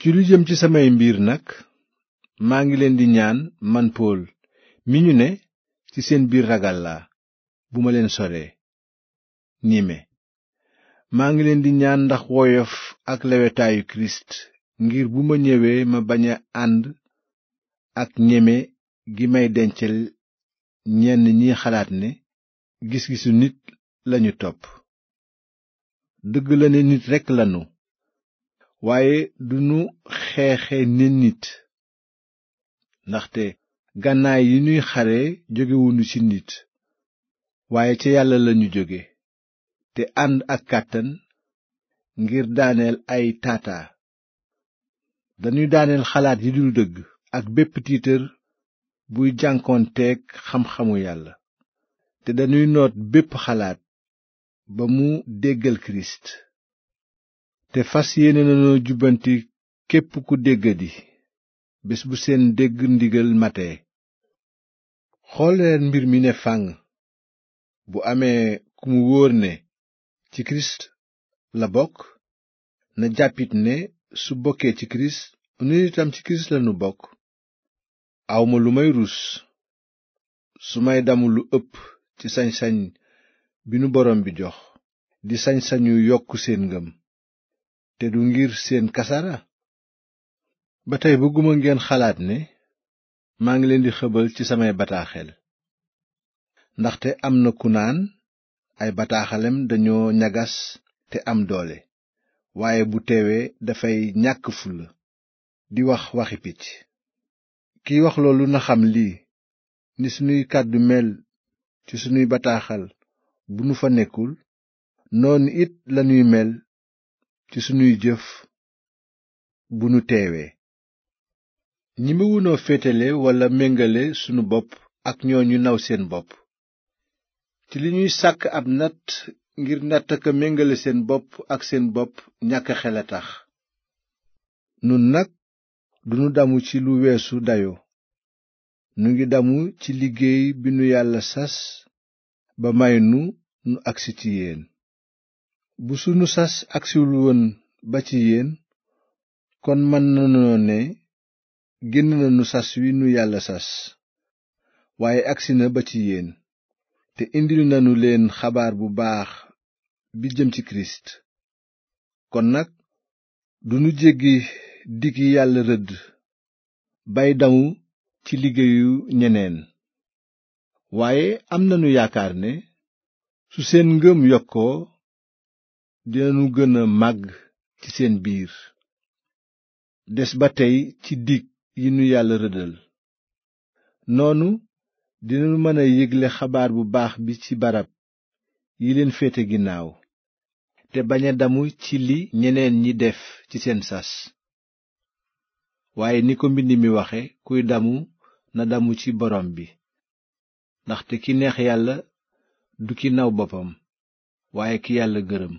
ci lu jëm ci samay mbir nag maa ngi leen di ñaan man pool mi ñu ne ci seen biir ragallaa bu ma leen sore niime maa ngi leen di ñaan ndax woyof ak lewetaayu kirist ngir bu ma ñëwee ma bañ a ànd ak ñeme gi may dencal ñenn ñi xalaat ne gis-gisu nit lañu topp dëgg la nit rekk lanu waaye du duñu xeexe ni nit ndaxte gànnaay yi ñuy xare jógewuñu ci nit waaye ca yàlla lañu jóge te ànd ak kàttan ngir daaneel ay taataa dañuy daaneel xalaat yi dul dëgg ak bépp tiitër buy jànkoonteeg xam-xamu yàlla te dañuy noot bépp xalaat ba mu déggal kirist te fas yéene nanoo jubbanti képp ku déggadi bés bu seen dégg ndigal matee xoolleen mbir mi ne fànn bu amee ku mu wóor ne ci kirist la bokk na jàppit ne su bokkee ci kirist nun itam ci kirist lanu bokk awma lu may ruus su may damu lu ëpp ci sañ-sañ bi nu borom bi jox di sañ yu yokk seen ngëm te du ngir seen kasara ba tey bëgguma ngeen xalaat ne maa ngi leen di xëbal ci samay bataaxel ndaxte am na ku naan ay bataaxalem dañoo ñagas te am doole waaye bu teewee dafay ñàkk fulla di wax waxi picc kiy wax loolu na xam lii ni sunuy kàddu mel ci sunuy bataaxal bu nu fa nekkul noonu it lañuy mel ci sunuy jëf bu nu teewee ñemewunoo féetale walla méngale sunu bopp ak ñoo ñooñu naw seen bopp ci li ñuy sàkk ab natt ngir natt ka méngale seen bopp ak seen bopp ñàkk xel a tax nun nag dunu damu ci lu weesu dayo nu ngi damu ci liggéey bi nu yàlla sas ba may nu nu agsi ci yéen bu sunu sas agsiwul woon ba ci yéen kon mën nanoo ne génn nanu sas wi nu yàlla sas waaye agsi na ba ci yéen te indil nanu leen xabaar bu baax bi jëm ci kirist kon nag dunu jéggi dig yi yàlla rëdd bay damu ci liggéeyu ñeneen waaye am nanu yaakaar ne su seen ngëm yokkoo dinañu gën a màgg ci seen biir des ba tey ci dig yi nu yàlla rëddal noonu dinañu mën a yégle xabaar bu baax bi ci barab yi leen féete ginnaaw te bañ a damu ci li ñeneen ñi def ci seen sas waaye ni ko mbind mi waxe kuy damu na damu ci borom bi ndaxte ki neex yàlla du ki naw boppam waaye ki yàlla gërëm